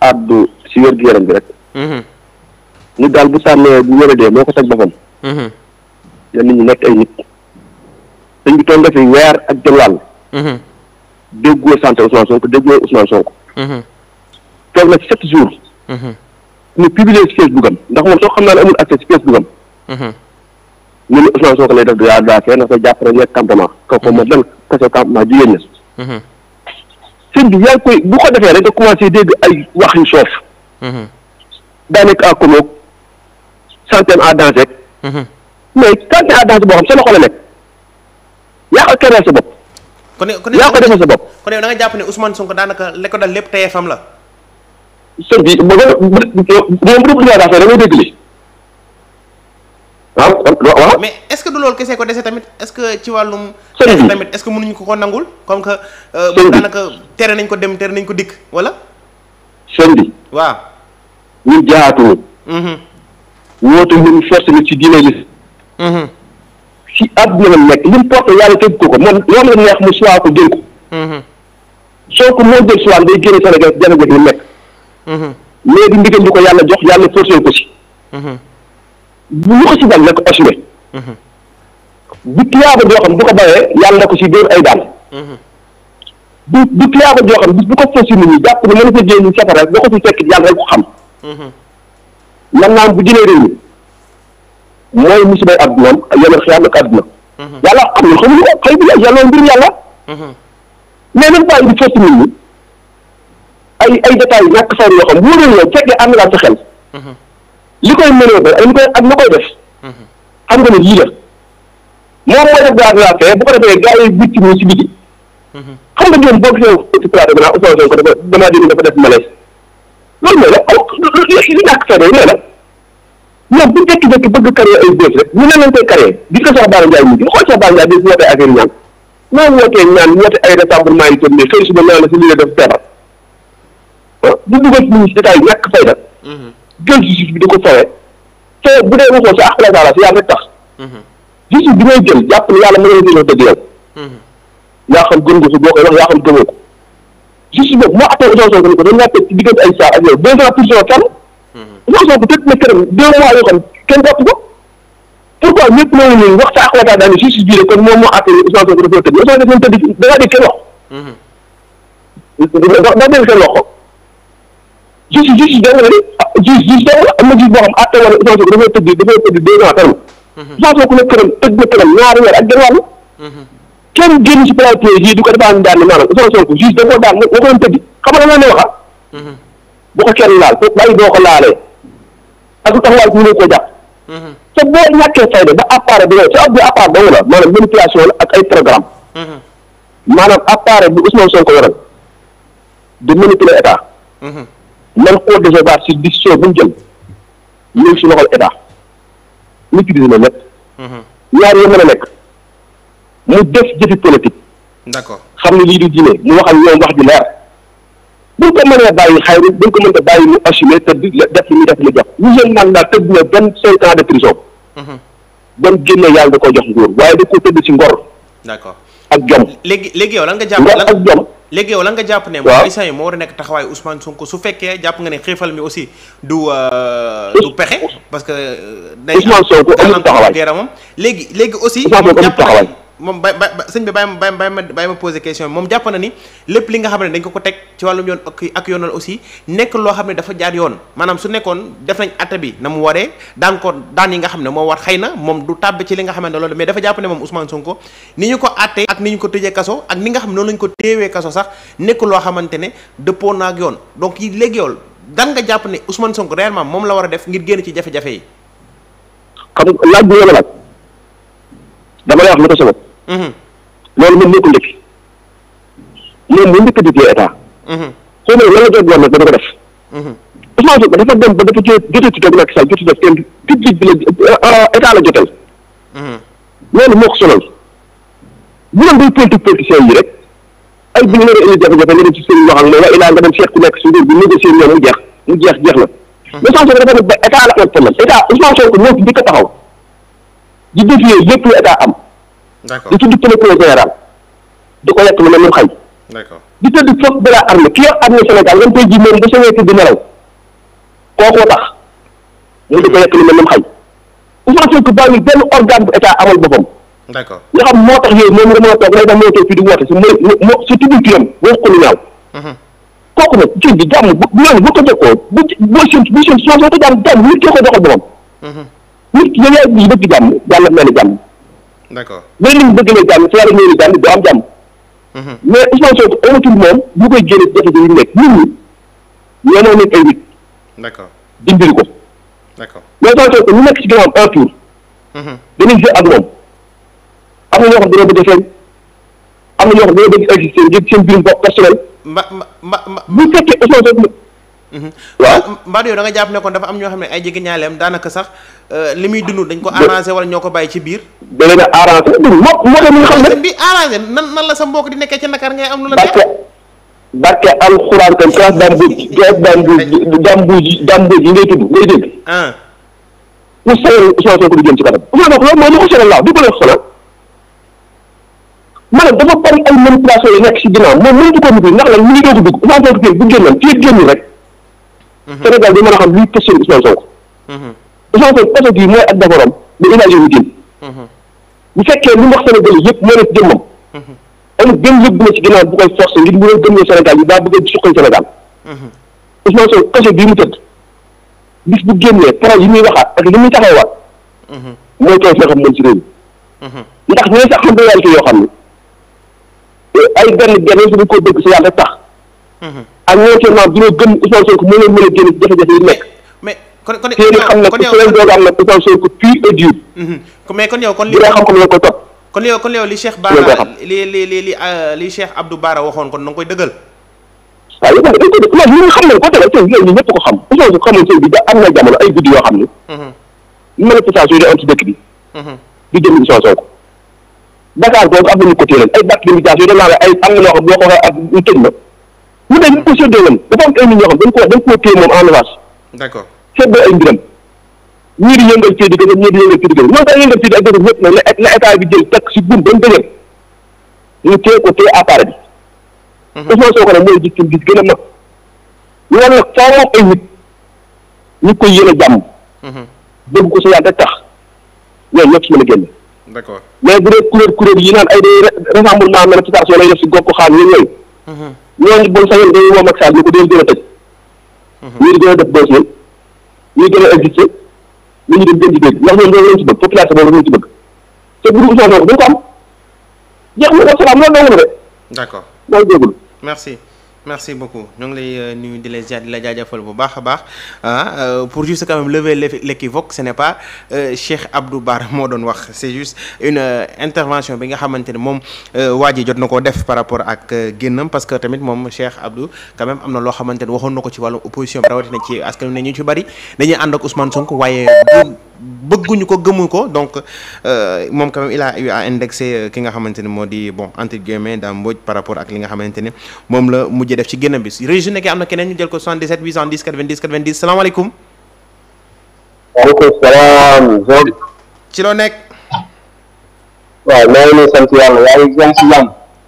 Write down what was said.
addu si wér gu yaram bi rek mhm. nit daal bu tànnee bu wéradee moo ko teg boppam la mhm. nit ñi nekk ay nit sëñ bi toog nga fi weer ak jëmlaal mhm. déggoo santé Ousmane Sonko déggoo Ousmane Sonko toog na sept jours ñu publier si Facebook ndax moom soo xam naa ne amul accès si Facebook am ñu ne Ousmane Sonko lay def du yaa daa fee ndax sa nekk campement kaw ko moom lan kaso campement jigéen ña sëñ bi yaa koy bu ko defee rek nga commencé dégg ay wax yu soof. daanaka ak konoog centaine à danger rek. mais centaine à danger boo xam sa loxo nekk yaa ko keneen sa bopp. kon yaa ko bopp. kon yow jàpp ne Ousmane Sonko daanaka li ko dal lépp TFM la. sëñ bi ba bu bu bu bu bu bu bu bu bu bu bu loolu kese ko dese tamit est-ce que ci wàllum. xeex tamit est-ce que mënuñu ko ko nangul comme que. Euh, na daanaka tere nañ ko dem tere nañ ko dikk wala. sëñ bi. waaw. ñun jaatuñu. Mhm. woote ñun force bi ci diine li. Mhm. ci àdduna la nekk li mu yàlla tëgg ko ko moom moom neex mu soit ko jël ko. Mhm. soo ko moo jël soit day génne Sénégal jana jëf lu nekk. mais di ndigal di ko yàlla jox yàlla forcé ko si. bu ñu ko si dal la ko assuré. du tiyaaba joo xam du ko bàyyee yàlla ko si dóor ay daan du du tiyaaba joo ko fas nit ñi jàpp ne mën na sa génn safara da ko si fekk yàlla ko xam man naam bu jëlee réew mi mooy musibay àdduna am yomal xiyaam ak àdduna yàlla xam ne ko xëy bi la yàlla mbir yàlla mais même pas indi fas nit ñi ay ay détails ñàkk sawar yoo xam wóorul yow fekkee am na sa xel mhm. li koy mënoo ba ay li koy ak na koy def mhm. xam nga ne lii la moom mooy def gaz la fee bu ko defee gars yi bitti mu si biti xam nga ñoom boo gisee si plateau bi naan Ousmane Sonko dafa damaa dégg dafa def malaise loolu mooy la aw li ñàkk fee mooy la ñoom bu jékki-jékki bëgg carrière ay bés rek ñu ne lañ koy carrière gis nga sax Bara Ndiaye ñu gis xool sax Bara Ndiaye bi su wootee affaire ñaan moo wootee ñaan woote ay yi tourné bu ah, dugal si ñun si détail ñàkk fayda mhm. di ko fawee te bu dee waxoo si àq la si yàlla rek juste bi ngay jël jàpp ne yàlla mën na la dëgg yow. Mhm. yaa xam gën nga ko boo koy wax yaa xam gëmoo ko. juste boobu moo attan Ousmane Sonko ni ko dañ laa teg ci diggante ay saa ak yow deux ans pour cent kenn. Mhm. Ousmane Sonko tëj na këram deux mois yoo xam kenn topp ko. pourquoi ñëpp loolu ñun wax saa xalaat daal ne justice bii rek kon moom moo attan Ousmane Sonko dafa tëdd Ousmane dafa tëdd da ngaa dégg kenn wax. Mhm. da da dégg kenn wax ko. justice justice da nga ne justice da nga am na justice boo xam attan wala Ousmane Sonko dafa tëdd dafa tëdd deux ans sax soo ko nekk këram tëj na këram ñaari weer ak genn wàll mmh. kenn génn si plateau yi du ko defaan daan maanaam Ousmane Sonko juge da nga koo daan nga ko ah? mmh. ko kenn laal foofu bàyyi boo ko laalee ak lu taxawaay bi ñu ko jàpp mmh. te boo ñàkkee fayda ba appareil bi nga sa ab appareil dong la maanaam manipulation la ak ay programme maanaam appareil bi Ousmane Sonko yoral de manipuler état nan koo bu jël ñu si loxol état maîtrise na ñett mhm. ñaar ya a nekk mu def jëfi politique d'accord xam ne lii du diine mu waxal ñoom wax ji leer buñ ko mënee bàyyi xayru buñ ko mënta bàyyi mu assumer te di def li def mu jox ñusieen naan laa tëdd na vingt cinq ans de prison mhm. ban génne yàlla da ko jox nguur waaye da ko tëdd ci ngor d'accord ak jom léegi léegi yow lan nga ak jom léegi yow la nga jàpp ne. waaw mooy moo war a nekk taxawaayu Ousmane Sonko su fekkee jàpp nga ne xiifal mi aussi du euh, du pexe. parce que euh, day. Ousmane Sonko amul taxawaay léegi léegi aussi. Ousmane Sonko amul taxawaay moom bay ba sëñ bi bàyyi ma bàyyi ma bàyyi ma posé question moom jàpp na ni lépp li nga xam ne dañ ko ko teg ci wàllum yoon ak ak yoonal aussi nekk loo xam ne dafa jaar yoon maanaam su nekkoon def nañ atta bi na mu waree daan ko daan yi nga xam ne moo war xëy na moom du tàbb ci li nga xamante ne loolu mais dafa jàpp ne moom Ousmane Sonko ni ñu ko àttee ak ni ñu ko tëjee kaso ak ni nga ne noonu lañ ko téewee kaso sax nekk loo xamante ne dëppoo na ak yoon donc yi léegi yow dan nga jàpp ne Ousmane Sonko réellement moom la war a def ngir génn ci jafe-jafe yi. xam dama lay wax lu ko sabab. Mhm. loolu moom moo ko njëkk moom mu njëkk mhm. la jot gouvernement ba ko def. Mhm. Ousmane Sonko dafa dem ba dafa jotee ci toog Macky Sall jotee def kenn public bi la euh, état la jotal. loolu moo ko sonal bu doon yi rek ay bi ñu war a indi jafe-jafe nga dem ci nga dem seet ku nekk si nguur bi négocier ñoom mu jeex mu jeex jeex na. Ousmane Sonko dafa nekk ba état la am problème état Ousmane Sonko ñoo fi njëkk a taxaw di défier am. d'accord di ci dikkale ko général di ko lekk lu mel ni xañ. di tëdd foog de la armée ki yor armée Sénégal lan tey ji moom bu soobee tëdd nelaw kookoo tax mu di ko lekk lu mel ni xañ. Ousmane Sonko benn organe bu état amal boppam. d'accord nga xam moo tax yooyu moom nga a a di woote si mooy moo si tuddul turam wax ko lu ñaaw. kooku nag jur gi jàmm bu loolu bu ko jokkoo bu boo séntu bu séntu soo ko jàmm jàmm nit ki ko joxal boppam. nit ki yow yaa ngi bëgg jàmm mel ni jàmm. d'accord mais li mu bëgg la jàmm si yàlla ñëw na jàmm du am jàmm. Mhm. mais Ousmane Sonko amatul moom lu koy génne jafe-jafe yi nekk nit ñi ñoo nekk ay nit. d'accord ko. d'accord mais Ousmane Sonko ñu nekk ci ginnaaw un tour. Mhm. dañuy jël ak moom am na ñoo xam ne bëgg a am na ñoo xam ne dañoo bëgg a exister ngir seen biirum bopp personnel. ma ma ma bu fekkee Ousmane Sonko Mm-hmm. waaw Mbadou yow da nga jàpp ne kon dafa am ñoo xam ne ay jege ñaaleem daanaka sax euh, li muy dund dañ ko arrangé wala ñoo ko bàyyi ci biir. da leen a arrangé du moo moo leen la sa mbokk di nekkee ci Ndakaar ngay am lu la. barke barke alxuraan kan classe dambu dambu dambu yi ngay tudd ngay di ah. jëm ci kanam. Ousmane Sonko mooy li ko sonal laaw di ko leen sonal. maanaam dafa bari ay manipulation yu nekk si ginnaaw moom mënut ko dugg Ousmane Sonko fii génn rek. Mhm. Sénégal du mën a xam luy question Ousmane Sonko. Mhm. Ousmane Sonko oto bii mooy ak defaram mais image yi génn. Mhm. bu fekkee lu mu wax Sénégal yëpp moo nekk jëmmam. amul benn yëpp bu ne ci ginnaaw bu koy forcé ngir mu doon yi daa bëgg a suqal Sénégal. Ousmane Sonko kaso bii mu tëdd bis bu génnee parole yi muy waxaat ak li muy taxawaat. mooy tooy fee a moom ci réew mi. ndax ñooy sax xam réalité yoo xam ne ay benn benn su ñu ko dëgg si yàlla tax. ak ñoo ci maam dina gëm Ousmane Sonko moo leen mën a génn ci jafe-jafe yi nekk. mais kon kon yow li xam-xam la ko topp. kon yow kon yow li Cheikh Bara li li li li Cheikh Abdou Bara waxoon ñëpp ko xam Ousmane Sonko xamul sëñ bi da am na jamono ay guddi yoo xam ne. manifestation yi day am ci boo ko ak ñu tëj la mu ne ñu ko séddoowoon dafa am ay nit ñoo xam dañ ko dañ koo téye moom en avance. d'accord séddoo ay mbiram ñii di yëngal fii di gërëm ñii di yëngal fii di gërëm ñoom daal yëngal fii di ak gërëm ñëpp nag la état bi jël takk si buum ba mu dëgër ñu téye ko téye appareil bi. dafa soo ko nag mooy victime bi gën a mag. loolu nag faaw moom ay nit ñu koy yéene jàmm. Mhm. bëgg ko si yàlla rek tax ñoom ñëpp si mën a génn. d'accord mais bu dee kuréel kuréel yi naan ay rassemblement manifestation lay def si gox ko xaal yooyu mhm. ñooñu bon sañoon dañuy woo Macky Sall ñu ko dee gën a tëj. Mhm. ñuy gën a def dossier ñuy gën a existé ñu dem gën di dégg ndax ñoom loolu lañ ci bëgg population boobu lañ ci bëgg te bu dul Ousmane Sonko duñ ko am jeex na wasalaam loolu dong la de. d'accord mooy déggul merci. merci beaucoup ñu ngi lay euh, nuyu di la di la bu baax a baax ah, euh, pour juste quand même lever l'équivoque ce n'est pas euh, Cheikh Abdou Bara moo doon wax c'est juste une intervention bi nga xamante ne moom waa ji jot na ko def par rapport ak génnam parce que tamit moom Cheikh Abdou quand même am na loo xamante ne waxoon na ko ci wàllu opposition rawatina ci askan ne ñu ci bari dañuy ànd ak Ousmane Sonko waaye bëgguñu ko gëmu ko donc euh, moom quand même il euh, ki nga xamante ni moo di bon entre guillemets daa mboj par rapport ak li nga xamante ni moom la mujjee def ci génn bis région nekkee am na keneen ñu jël ko 77 810 90 90 salaamaaleykum. ci loo nekk. waaw maa ngi sant yaa ngi si